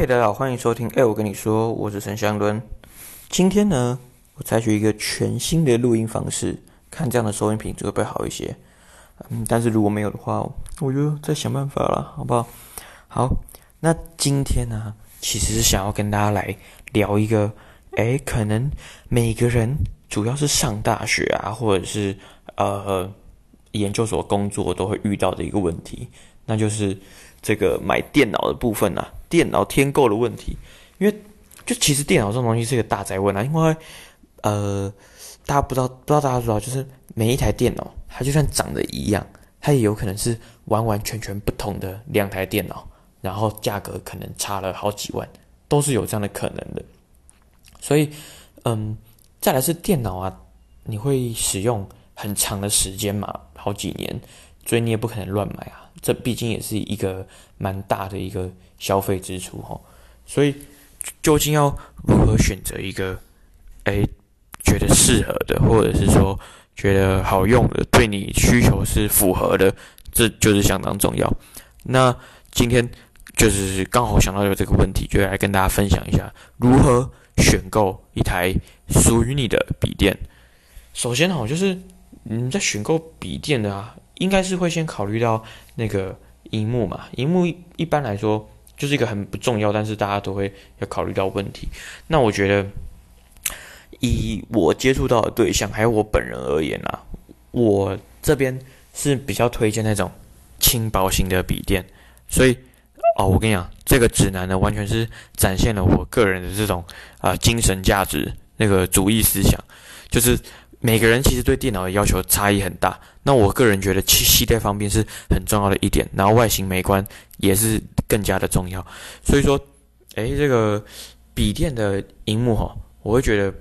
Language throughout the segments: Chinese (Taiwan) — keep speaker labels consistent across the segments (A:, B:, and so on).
A: 嘿，大家好，歡迎收聽。哎、欸，我跟你說，我是陳祥倫。今天呢，我採取一個全新的錄音方式，看這樣的收音品質會不會好一些。嗯，但是如果沒有的話，我就再想辦法了，好不好？好，那今天呢、啊，其實是想要跟大家來聊一個，哎、欸，可能每個人，主要是上大學啊，或者是呃，研究所工作都會遇到的一個問題，那就是。這個買電腦的部分啊，電腦添購的問題，因為就其實電腦這種東西是一個大哉問啊，因為呃，大家不知道，不知道大家知道，就是每一台電腦它就算長得一樣，它也有可能是完完全全不同的兩台電腦，然後價格可能差了好幾萬，都是有這樣的可能的。所以，嗯，再來是電腦啊，你會使用很長的時間嘛，好幾年，所以你也不可能亂買啊。這畢竟也是一個蠻大的一個消費支出，哦，所以究竟要如何選擇一個，誒，覺得適合的，或者是說覺得好用的，對你需求是符合的，這就是相當重要。那今天就是剛好想到有這個問題，就來跟大家分享一下如何選購一台屬於你的筆電。首先哈，哦，就是你在選購筆電的啊。應該是會先考慮到那個螢幕嘛，螢幕一般來說就是一個很不重要，但是大家都會要考慮到問題。那我覺得，以我接觸到的對象還有我本人而言啊，我這邊是比較推薦那種輕薄型的筆電。所以哦，我跟你講，這個指南呢，完全是展現了我個人的這種啊、呃、精神價值那個主義思想，就是。每個人其實對電腦的要求差異很大，那我個人覺得攜帶方便是很重要的一點，然後外形美觀也是更加的重要。所以說，哎、欸，這個筆電的熒幕吼，我會覺得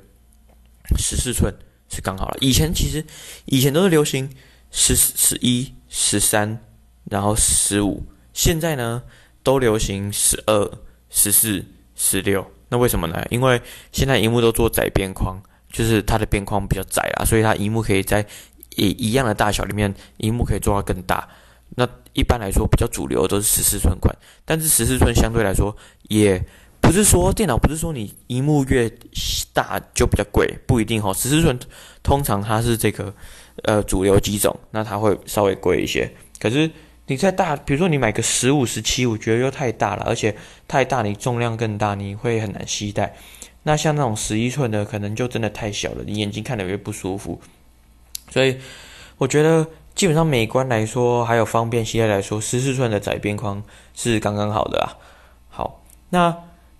A: 十四寸是剛好了。以前其實以前都是流行十十一、十三，然後十五，現在呢都流行十二、十四、十六。那為什麼呢？因為現在熒幕都做窄邊框。就是它的邊框比較窄啦，所以它熒幕可以在一一樣的大小裡面，熒幕可以做到更大。那一般來說，比較主流都是十四寸款，但是十四寸相對來說，也不是說電腦不是說你熒幕越大就比較貴，不一定哦。十四寸通常它是這個呃主流機種，那它會稍微貴一些。可是你再大，比如說你買個十五、十七，我覺得又太大了，而且太大你重量更大，你會很難攜帶。那像那種十一寸的，可能就真的太小了，你眼睛看得有點不舒服。所以我覺得，基本上美觀來說，還有方便攜帶來說，十四寸的窄邊框是剛剛好的啊。好，那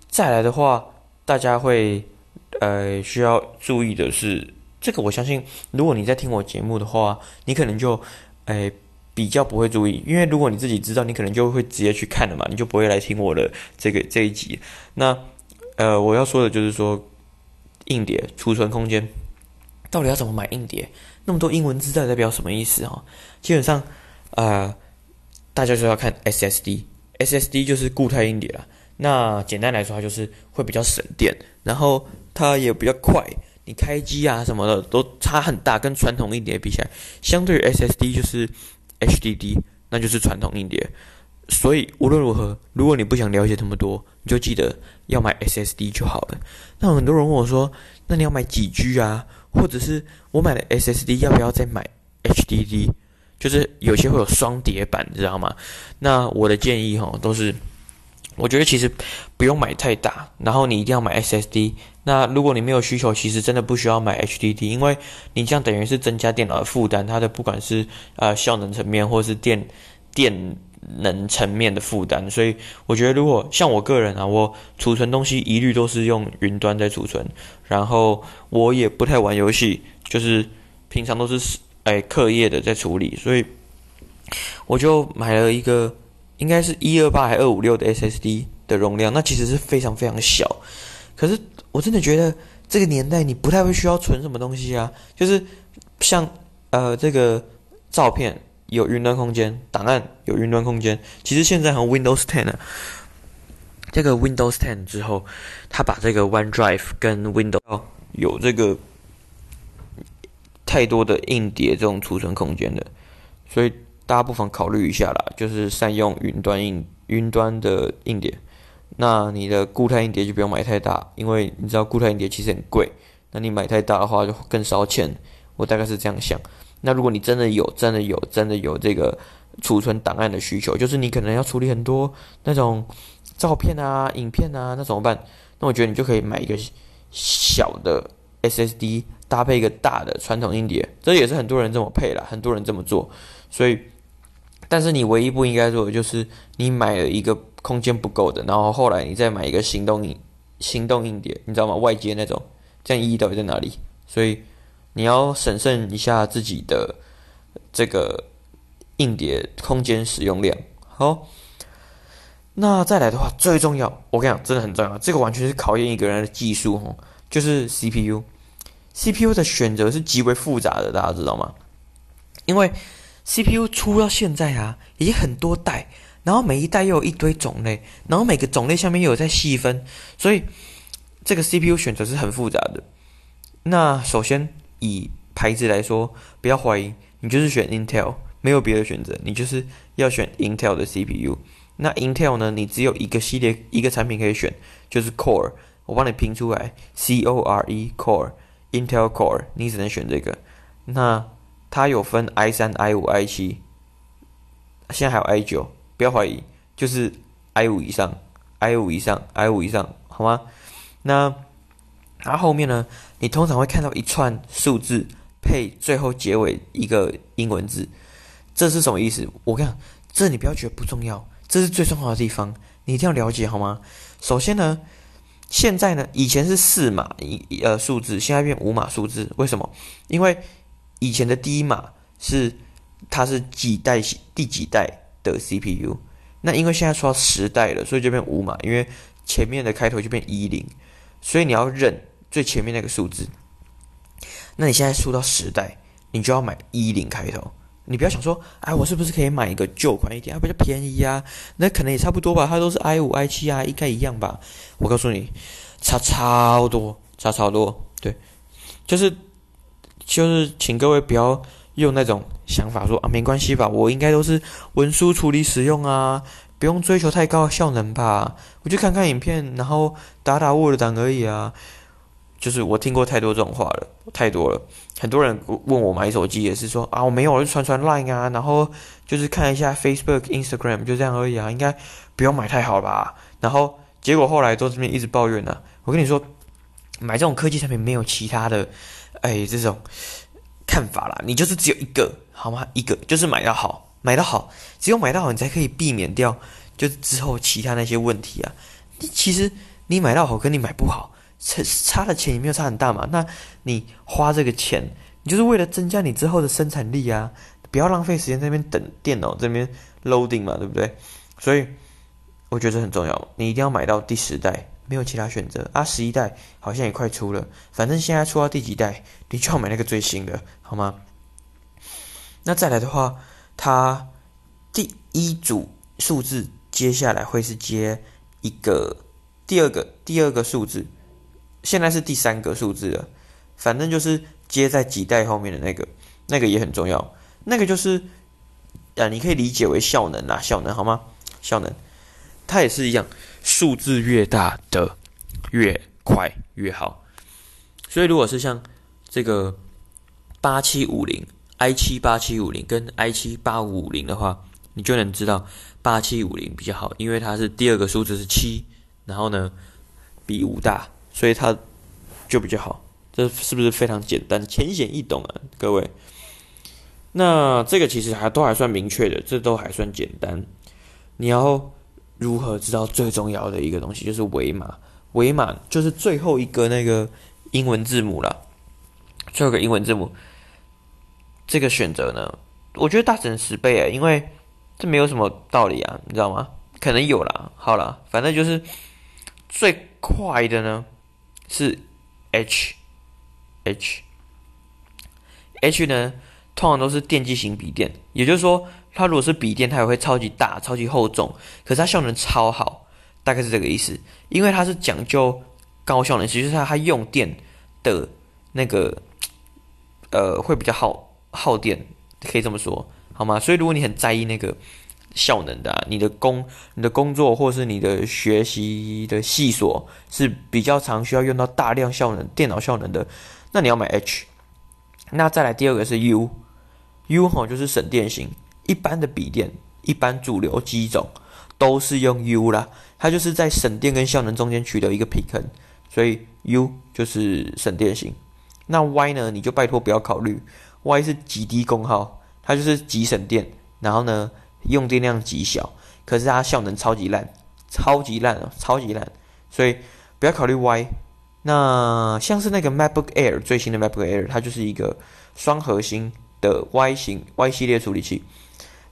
A: 再來的話，大家會呃需要注意的是，這個我相信，如果你在聽我節目的話，你可能就誒、呃、比較不會注意，因為如果你自己知道，你可能就會直接去看了嘛，你就不會來聽我的這個這一集。那。呃，我要說的就是說，硬碟儲存空間到底要怎麼買硬碟？那麼多英文字在代，代表什麼意思啊、哦？基本上，啊、呃，大家就要看 SSD，SSD 就是固態硬碟了。那簡單來說，它就是會比較省電，然後它也比較快，你開機啊什麼的都差很大，跟傳統硬碟比起來，相對於 SSD 就是 HDD，那就是傳統硬碟。所以無論如何，如果你不想了解這麼多，你就記得要買 SSD 就好了。那很多人問我說：“那你要買幾 G 啊？”或者是我買的 SSD 要不要再買 HDD？就是有些會有雙碟版，知道嗎？那我的建議哈，都是我覺得其實不用買太大，然後你一定要買 SSD。那如果你沒有需求，其實真的不需要買 HDD，因為你這樣等於是增加電腦的負擔。它的不管是呃效能層面，或是電電。能層面的負擔，所以我覺得，如果像我個人啊，我儲存東西一律都是用雲端在儲存，然後我也不太玩遊戲，就是平常都是哎課業的在處理，所以我就買了一個應該是一二八還二五六的 SSD 的容量，那其實是非常非常小，可是我真的覺得這個年代你不太會需要存什麼東西啊，就是像呃這個照片。有雲端空間，檔案有雲端空間。其實現在好像 Windows 10啊，這個 Windows 10之後，它把這個 OneDrive 跟 Windows 有這個太多的硬碟這種儲存空間的，所以大家不妨考慮一下啦，就是善用雲端硬雲端的硬碟。那你的固態硬碟就不用買太大，因為你知道固態硬碟其實很貴，那你買太大的話就更燒錢。我大概是這樣想。那如果你真的有，真的有，真的有這個儲存檔案的需求，就是你可能要處理很多那種照片啊、影片啊，那怎麼辦？那我覺得你就可以買一個小的 SSD 搭配一個大的傳統硬碟，這也是很多人這麼配了，很多人這麼做。所以，但是你唯一不應該做的就是你買了一個空間不夠的，然後後來你再買一個行動硬行動硬碟，你知道嗎？外接那種，這樣意義到底在哪裡？所以。你要審慎一下自己的這個硬碟空間使用量。好，那再來的話，最重要，我跟你講，真的很重要。這個完全是考驗一個人的技術，吼,就是 CPU。CPU 的選擇是極為複雜的，大家知道嗎？因為 CPU 出到現在啊，已經很多代，然後每一代又有一堆種類，然後每個種類下面又有在細分，所以這個 CPU 選擇是很複雜的。那首先。以牌子來說，不要懷疑，你就是選 Intel，沒有別的選擇，你就是要選 Intel 的 CPU。那 Intel 呢？你只有一個系列、一個產品可以選，就是 Core。我幫你拼出來，C O R E Core，Intel Core，你只能選這個。那它有分 i 三、i 五、i 七，現在還有 i 九，不要懷疑，就是 i 五以上、i 五以上、i 五以上，好嗎？那然後後面呢，你通常會看到一串數字配最後結尾一個英文字，這是什麼意思？我看，這你不要覺得不重要，這是最重要的地方，你一定要了解好嗎？首先呢，現在呢，以前是四碼一呃數字，現在變五碼數字，為什麼？因為以前的第一碼是它是幾代第幾代的 CPU，那因為現在出到十代了，所以就變五碼，因為前面的開頭就變一零，所以你要認。最前面那個數字，那你現在出到十代，你就要買一零開頭。你不要想說，啊，我是不是可以買一個舊款一點，啊？比較便宜啊？那可能也差不多吧，它都是 i 五 i 七啊，應該一樣吧？我告訴你，差超多，差超多。對，就是就是，請各位不要用那種想法說啊，沒關係吧，我應該都是文書處理使用啊，不用追求太高的效能吧？我就看看影片，然後打打 word 檔而已啊。就是我聽過太多這種話了，太多了。很多人問我買手機也是說啊，我沒有，我就傳傳 LINE 啊，然後就是看一下 Facebook、Instagram，就這樣而已啊。應該不用買太好吧。然後結果後來都這邊一直抱怨呢、啊。我跟你說，買這種科技產品沒有其他的哎這種看法啦。你就是只有一個好嗎？一個就是買到好，買到好，只有買到好，你才可以避免掉就之後其他那些問題啊。你其實你買到好，跟你買不好。差差的錢也沒有差很大嘛？那你花這個錢，你就是為了增加你之後的生產力啊！不要浪費時間在那邊等電腦這邊 loading 嘛，對不對？所以我覺得這很重要，你一定要買到第十代，沒有其他選擇啊！十一代好像也快出了，反正現在出到第幾代，你就要買那個最新的，好嗎？那再來的話，它第一組數字接下來會是接一個第二個第二個數字。現在是第三個數字了，反正就是接在幾代後面的那個，那個也很重要。那個就是，啊，你可以理解為效能啊，效能好嗎？效能，它也是一樣，數字越大的越快越好。所以如果是像這個八七五零 i 七八七五零跟 i 七八五五零的話，你就能知道八七五零比較好，因為它是第二個數字是七，然後呢比五大。所以它就比較好，這是不是非常簡單、淺顯易懂啊，各位？那這個其實還都還算明確的，這都還算簡單。你要如何知道最重要的一個東西？就是尾碼，尾碼就是最後一個那個英文字母啦，最後一個英文字母，這個選擇呢，我覺得大增十倍啊、欸，因為這沒有什麼道理啊，你知道嗎？可能有啦，好了，反正就是最快的呢。是 H H H 呢，通常都是電競型筆電，也就是說，它如果是筆電，它也會超級大、超級厚重，可是它效能超好，大概是這個意思。因為它是講究高效能，其實是它它用電的那個呃會比較耗耗電，可以這麼說，好嗎？所以如果你很在意那個。效能的啊，你的工你的工作或是你的學習的細瑣是比較常需要用到大量效能電腦效能的，那你要買 H。那再來第二個是 U，U 哈就是省電型，一般的筆電一般主流機種都是用 U 啦，它就是在省電跟效能中間取得一個平衡，所以 U 就是省電型。那 Y 呢你就拜托不要考慮，Y 是極低功耗，它就是極省電，然後呢，用電量極小，可是它效能超級爛，超級爛哦，超級爛，所以不要考慮 Y。那像是那個 MacBook Air 最新的 MacBook Air，它就是一個雙核心的 Y 型 Y 系列處理器。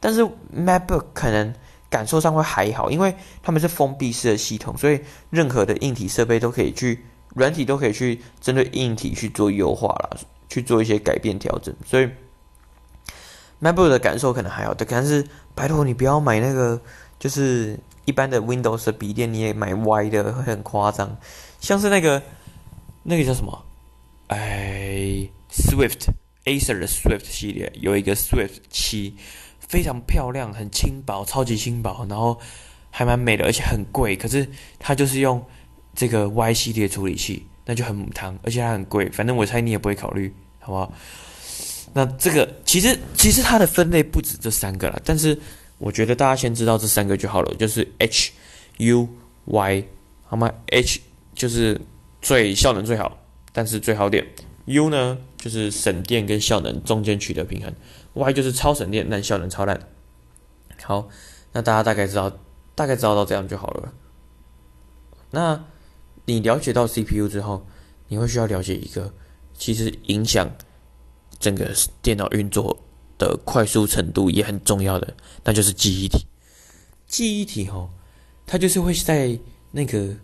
A: 但是 MacBook 可能感受上會還好，因為它們是封閉式的系統，所以任何的硬體設備都可以去軟體都可以去針對硬體去做優化啦，去做一些改變調整，所以 MacBook 的感受可能還好的，但是。拜託你不要買那個，就是一般的 Windows 的筆電，你也買 Y 的，會很誇張。像是那個，那個叫什麼？哎，Swift Acer 的 Swift 系列有一個 Swift 七，非常漂亮，很輕薄，超級輕薄，然後還蠻美的，而且很貴。可是它就是用這個 Y 系列處理器，那就很母湯，而且它很貴。反正我猜你也不會考慮，好不好？那這個其實其實它的分類不止這三個啦，但是我覺得大家先知道這三個就好了，就是 H、U、Y 好嗎？H 就是最效能最好，但是最好點；U 呢就是省電跟效能中間取得平衡；Y 就是超省電但效能超爛。好，那大家大概知道，大概知道到這樣就好了。那你了解到 CPU 之後，你會需要了解一個，其實影響。整個電腦運作的快速程度也很重要的，那就是記憶體。記憶體哈、哦，它就是會在那個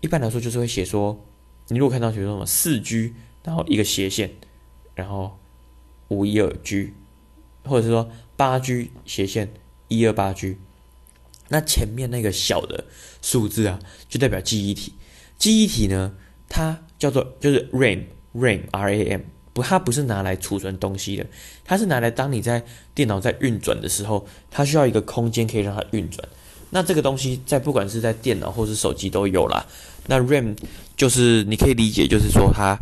A: 一般來說就是會寫說，你如果看到比如說什麼四 G，然後一個斜線，然後五一二 G，或者是說八 G 斜線一二八 G，那前面那個小的數字啊，就代表記憶體。記憶體呢，它叫做就是 RAM，RAM，R A M。它不是拿來儲存東西的，它是拿來當你在電腦在運轉的時候，它需要一個空間可以讓它運轉。那這個東西在不管是在電腦或是手機都有啦。那 RAM 就是你可以理解，就是說它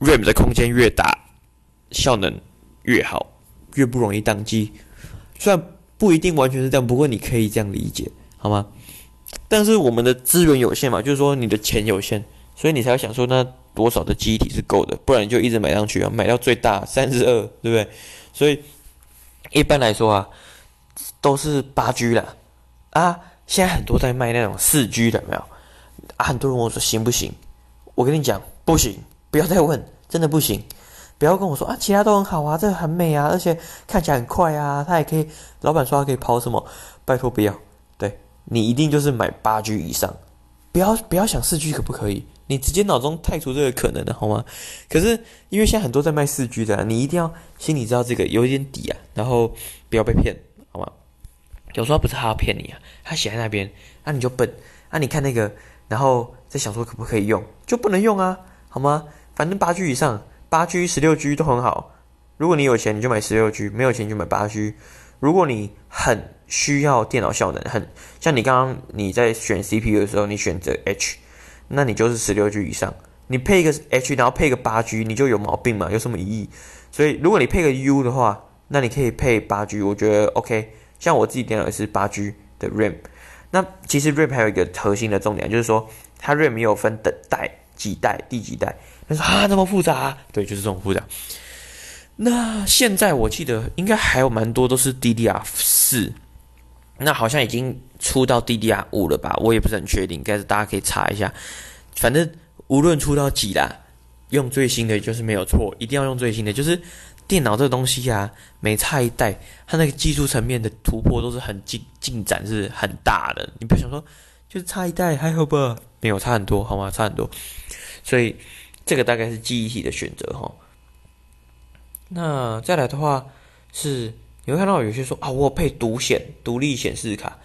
A: RAM 的空間越大，效能越好，越不容易當機。雖然不一定完全是這樣，不過你可以這樣理解好嗎？但是我們的資源有限嘛，就是說你的錢有限，所以你才會想說那。多少的記憶體是夠的，不然你就一直買上去啊，買到最大三十二，32，對不對？所以一般來說啊，都是八 G 的啊。現在很多在賣那種四 G 的，有沒有？啊，很多人問我說行不行？我跟你講，不行，不要再問，真的不行。不要跟我說啊，其他都很好啊，這個很美啊，而且看起來很快啊，他也可以。老闆說他可以跑什麼？拜托不要，對，你一定就是買八 G 以上，不要不要想四 G 可不可以？你直接腦中排除這個可能的好嗎？可是因為現在很多在賣四 G 的，你一定要心裡知道這個有一點底啊，然後不要被騙，好嗎？有時候不是他要騙你啊，他寫在那邊，那、啊、你就笨，那、啊、你看那個，然後再想說可不可以用，就不能用啊，好嗎？反正八 G 以上，八 G、十六 G 都很好。如果你有錢，你就買十六 G；沒有錢就買八 G。如果你很需要電腦效能，很像你剛剛你在選 CPU 的時候，你選擇 H。那你就是十六 G 以上，你配一個 H，然後配一個八 G，你就有毛病嘛？有什麼意義？所以如果你配個 U 的話，那你可以配八 G，我覺得 OK。像我自己電腦也是八 G 的 RAM。那其實 RAM 還有一個核心的重點，就是說它 RAM 有分等待幾代、第幾代。他說啊，那麼複雜？對，就是這種複雜。那現在我記得應該還有蠻多都是 DDR 四。那好像已經出到 DDR5 了吧？我也不是很確定，但是大家可以查一下。反正無論出到幾啦，用最新的就是沒有錯，一定要用最新的。就是電腦這個東西啊，每差一代，它那個技術層面的突破都是很進進展，是很大的。你不要想說就是差一代還好吧？沒有差很多，好嗎？差很多。所以這個大概是記憶體的選擇哈。那再來的話是。你會看到有些說啊，我配獨顯、獨立顯示卡，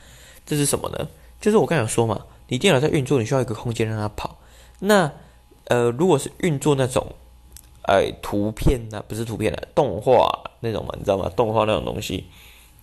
A: 這是什麼呢？就是我剛才有說嘛，你電腦在運作，你需要一個空間讓它跑。那呃，如果是運作那種哎圖片啊，不是圖片啊，動畫、啊、那種嘛，你知道嗎？動畫那種東西，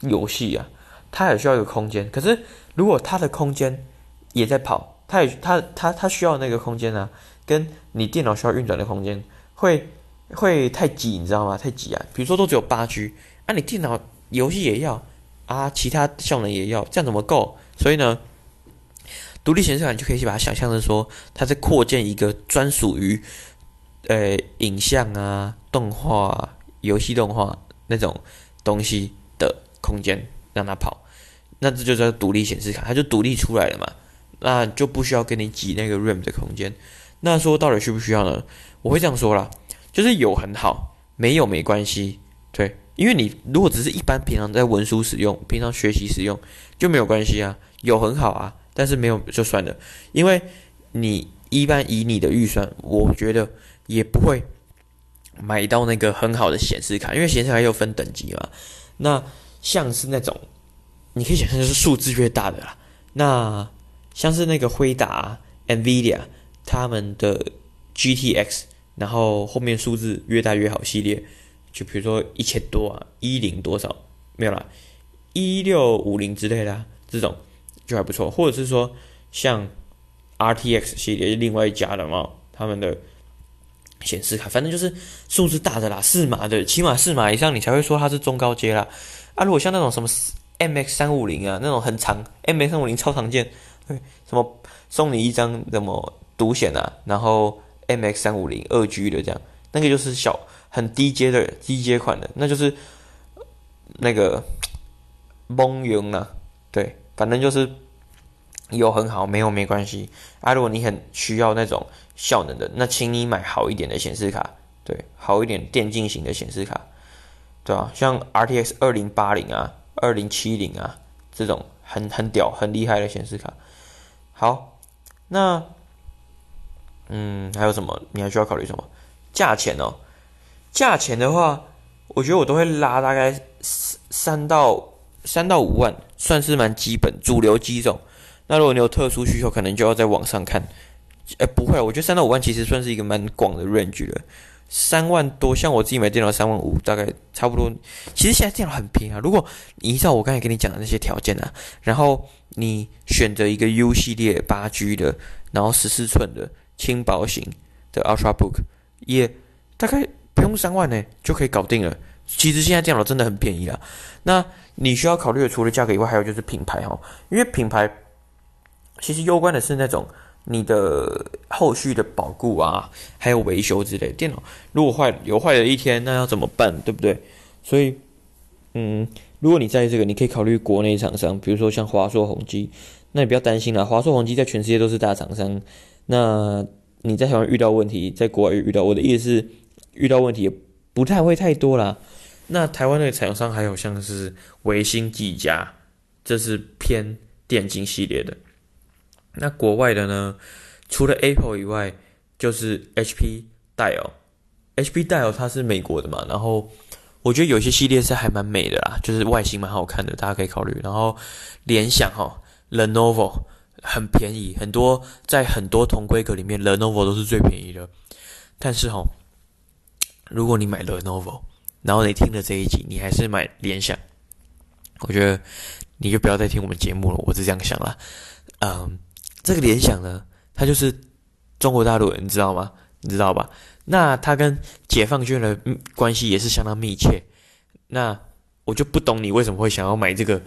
A: 遊戲啊，它也需要一個空間。可是如果它的空間也在跑，它也它它它需要那個空間啊，跟你電腦需要運轉的空間會會太擠，你知道嗎？太擠啊！比如說都只有八 G。那、啊、你電腦遊戲也要啊，其他效能也要，這樣怎麼夠？所以呢，獨立顯示卡你就可以去把它想象成說，它在擴建一個專屬於呃影像啊、動畫、遊戲動畫那種東西的空間，讓它跑。那這就叫獨立顯示卡，它就獨立出來了嘛，那就不需要給你擠那個 RAM 的空間。那說到底需不需要呢？我會這樣說啦，就是有很好，沒有沒關係，對。因為你如果只是一般平常在文書使用、平常學習使用就沒有關係啊，有很好啊，但是沒有就算了。因為你一般以你的預算，我覺得也不會買到那個很好的顯示卡，因為顯示卡又分等級嘛。那像是那種你可以想象就是數字越大的啦，那像是那個輝達啊，NVIDIA 他們的 GTX，然後後面數字越大越好系列。就比如說一千多啊，一零多少，沒有啦，一六五零之類的啊，這種就還不錯，或者是說像 RTX 系列另外一家的嘛，他們的顯示卡，反正就是數字大的啦，四碼的，起碼四碼以上你才會說它是中高階啦。啊，如果像那種什麼 MX 三五零啊，那種很長，MX 三五零超常見，什麼送你一張什麼獨顯啊，然後 MX 三五零二 G 的這樣，那個就是小。很低階的低階款的，那就是那個矇用了，對，反正就是有很好，沒有沒關係。啊，如果你很需要那種效能的，那請你買好一點的顯示卡，對，好一點電競型的顯示卡，對啊，像 RTX 二零八零啊，二零七零啊這種很很屌、很厲害的顯示卡。好，那嗯還有什麼？你還需要考慮什麼？價錢哦。價錢的話，我覺得我都會拉大概三到三到五萬，算是蠻基本主流機種。那如果你有特殊需求，可能就要在網上看。哎、欸，不會，我覺得三到五萬其實算是一個蠻廣的 range 了。三萬多，像我自己買電腦三萬五，大概差不多。其實現在電腦很便宜啊。如果你依照我剛才跟你講的那些條件啊，然後你選擇一個 U 系列八 G 的，然後十四寸的輕薄型的 Ultra Book，也大概，三萬呢就可以搞定了。其實現在電腦真的很便宜啊。那你需要考慮的除了價格以外，還有就是品牌哈，因為品牌其實攸關的是那種你的後續的保固啊，還有維修之類。電腦如果壞有壞的一天，那要怎麼辦，對不對？所以，嗯，如果你在意這個，你可以考慮國內廠商，比如說像華碩、宏基，那你不要擔心啦。華碩、宏基在全世界都是大廠商。那你在台灣遇到問題，在國外也遇到。我的意思是。遇到問題也不太會太多啦。那台灣的廠商還有像是微星、技嘉，這是偏電競系列的。那國外的呢，除了 Apple 以外就是 HP 戴爾。HP 戴爾它是美國的嘛，然後我覺得有些系列是還蠻美的啦，就是外形蠻好看的，大家可以考慮。然後聯想吼，Lenovo 很便宜，很多在很多同規格裡面 Lenovo 都是最便宜的。但是吼。如果你買 Lenovo，然後你聽了這一集，你還是買聯想，我覺得你就不要再聽我們節目了，我是這樣想啦。嗯，um，這個聯想呢，它就是中國大陸，你知道嗎？你知道吧？那它跟解放軍的關係也是相當密切。那我就不懂你為什麼會想要買這個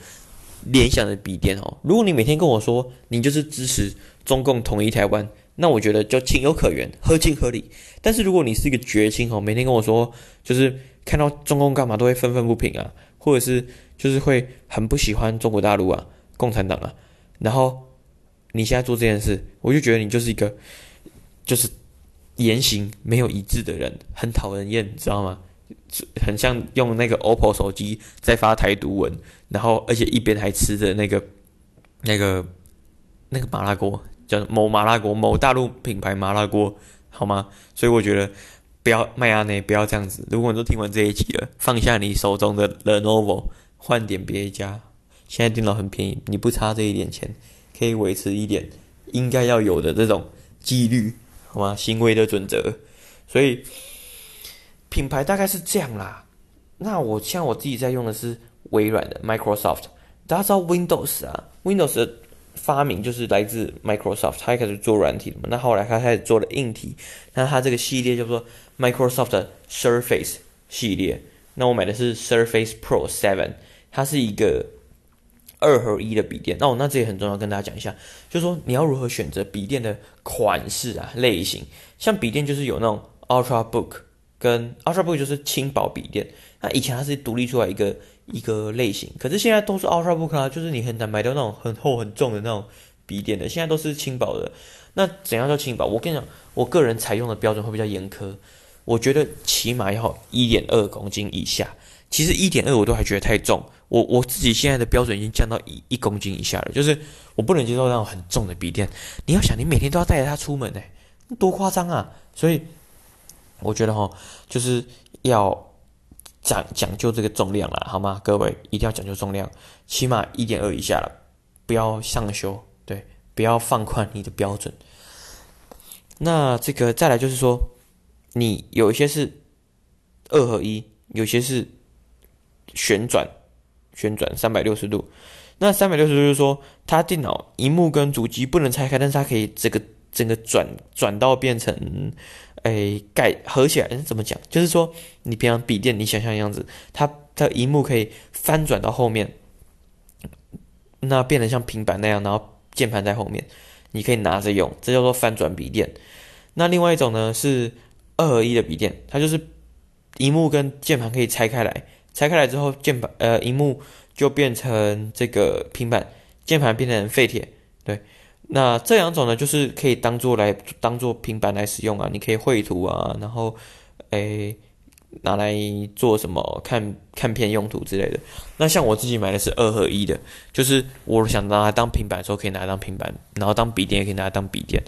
A: 聯想的筆電哦。如果你每天跟我說你就是支持中共統一台灣，那我覺得就情有可原，合情合理。但是如果你是一個覺青哦，每天跟我說就是看到中共幹嘛都會憤憤不平啊，或者是就是會很不喜歡中國大陸啊、共產黨啊，然後你現在做這件事，我就覺得你就是一個就是言行沒有一致的人，很討人厭，你知道嗎？很像用那個 OPPO 手機在發台獨文，然後而且一邊還吃着那個那個那個麻辣鍋。某麻辣鍋，某大陸品牌麻辣鍋，好嗎？所以我覺得不要麥阿奈，不要這樣子。如果你都聽完這一集了，放下你手中的 Lenovo，換點別家。現在電腦很便宜，你不差這一點錢，可以維持一點應該要有的這種紀律，好嗎？行為的準則。所以品牌大概是這樣啦。那我像我自己在用的是微軟的 Microsoft，大家知道 Windows 啊 Windows 啊，Windows。發明就是來自 Microsoft，他一開始做軟體的嘛，那後來他開始做了硬體，那他這個系列叫做 Microsoft 的 Surface 系列，那我買的是 Surface Pro 7，它是一個二合一的筆電，那、哦、我那這也很重要跟大家講一下，就是說你要如何選擇筆電的款式啊類型，像筆電就是有那種 Ultrabook，跟 Ultrabook 就是輕薄筆電，那以前它是獨立出來一個。一個類型，可是現在都是 Ultrabook 啊，就是你很難買到那種很厚很重的那種筆電的，現在都是輕薄的。那怎樣叫輕薄？我跟你講，我個人採用的標準會比較嚴苛，我覺得起碼要一點二公斤以下。其實一點二我都還覺得太重，我我自己現在的標準已經降到一一公斤以下了，就是我不能接受那種很重的筆電。你要想，你每天都要帶着它出門，哎，多誇張啊！所以我覺得哈，就是要。講講究這個重量啦，好嗎？各位一定要講究重量，起碼一點二以下啦，不要上修，對，不要放寬你的標準。那這個再來就是說，你有一些是二合一，有些是旋轉，旋轉三百六十度。那三百六十度就是說，它電腦螢幕跟主機不能拆開，但是它可以這個整個轉轉到變成。哎，蓋、欸、合起來，怎麼講？就是說，你平常筆電，你想象樣子，它的熒幕可以翻轉到後面，那變得像平板那樣，然後鍵盤在後面，你可以拿着用，這叫做翻轉筆電。那另外一種呢，是二合一的筆電，它就是熒幕跟鍵盤可以拆開來，拆開來之後，鍵盤呃，熒幕就變成這個平板，鍵盤變成廢鐵，對。那這兩種呢，就是可以當做來當做平板來使用啊，你可以繪圖啊，然後誒、欸、拿來做什麼看看片、用途之類的。那像我自己買的是二合一的，就是我想拿它當平板的時候可以拿它當平板，然後當筆電也可以拿它當筆電。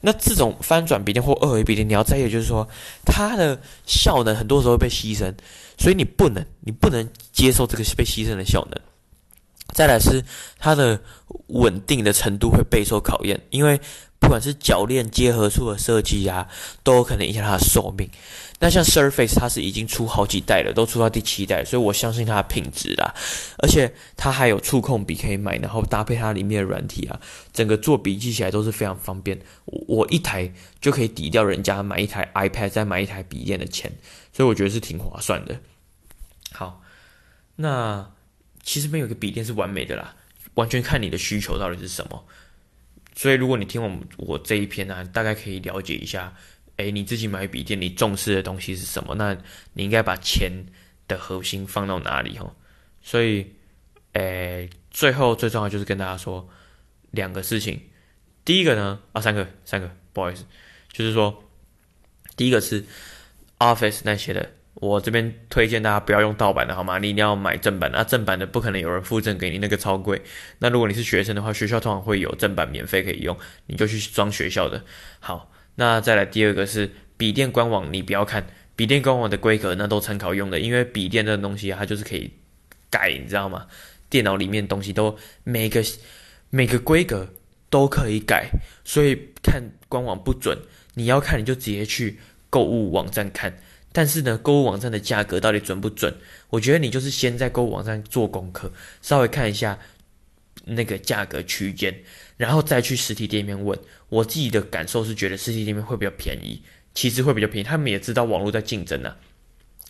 A: 那這種翻轉筆電或二合一筆電，你要在意就是說它的效能很多時候會被犧牲，所以你不能你不能接受這個被犧牲的效能。再來是它的穩定的程度會備受考驗，因為不管是鉸鏈結合處的設計啊，都有可能影響它的壽命。那像 Surface，它是已經出好幾代了，都出到第七代了，所以我相信它的品質啦。而且它還有觸控筆可以買，然後搭配它裡面的軟體啊，整個做筆記起來都是非常方便。我，我一台就可以抵掉人家買一台 iPad 再買一台筆電的錢，所以我覺得是挺划算的。好，那。其實沒有一個筆電是完美的啦，完全看你的需求到底是什麼。所以如果你聽我我這一篇呢，啊，大概可以了解一下，哎，你自己買筆電，你重視的東西是什麼？那你應該把錢的核心放到哪裡哦，所以，誒最後最重要就是跟大家說兩個事情。第一個呢，啊，三個，三個，不好意思，就是說，第一個是 Office 那些的。我這邊推薦大家不要用盜版的，好嗎？你一定要買正版那、啊、正版的不可能有人附贈給你，那個超貴。那如果你是學生的話，學校通常會有正版免費可以用，你就去裝學校的。好，那再來第二個是筆電官網，你不要看筆電官網的規格，那都參考用的，因為筆電這個東西、啊、它就是可以改，你知道嗎？電腦裡面東西都每個每個規格都可以改，所以看官網不準。你要看你就直接去購物網站看。但是呢，購物網站的價格到底準不準？我覺得你就是先在購物網站做功課，稍微看一下那個價格區間，然後再去實體店面問。我自己的感受是覺得實體店面會比較便宜，其實會比較便宜。他們也知道網絡在競爭啊，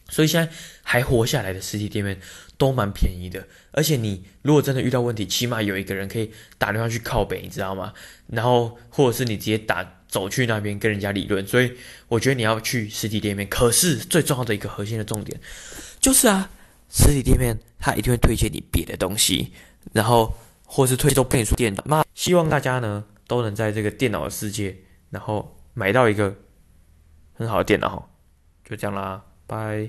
A: 所以現在還活下來的實體店面都蠻便宜的。而且你如果真的遇到問題，起碼有一個人可以打電話去靠北，你知道嗎？然後或者是你直接打。走去那邊跟人家理論，所以我覺得你要去實體店面。可是最重要的一個核心的重點就是啊，實體店面它一定會推薦你別的東西，然後或是推薦你配電腦。那希望大家呢都能在這個電腦的世界，然後買到一個很好的電腦，就這樣啦，拜。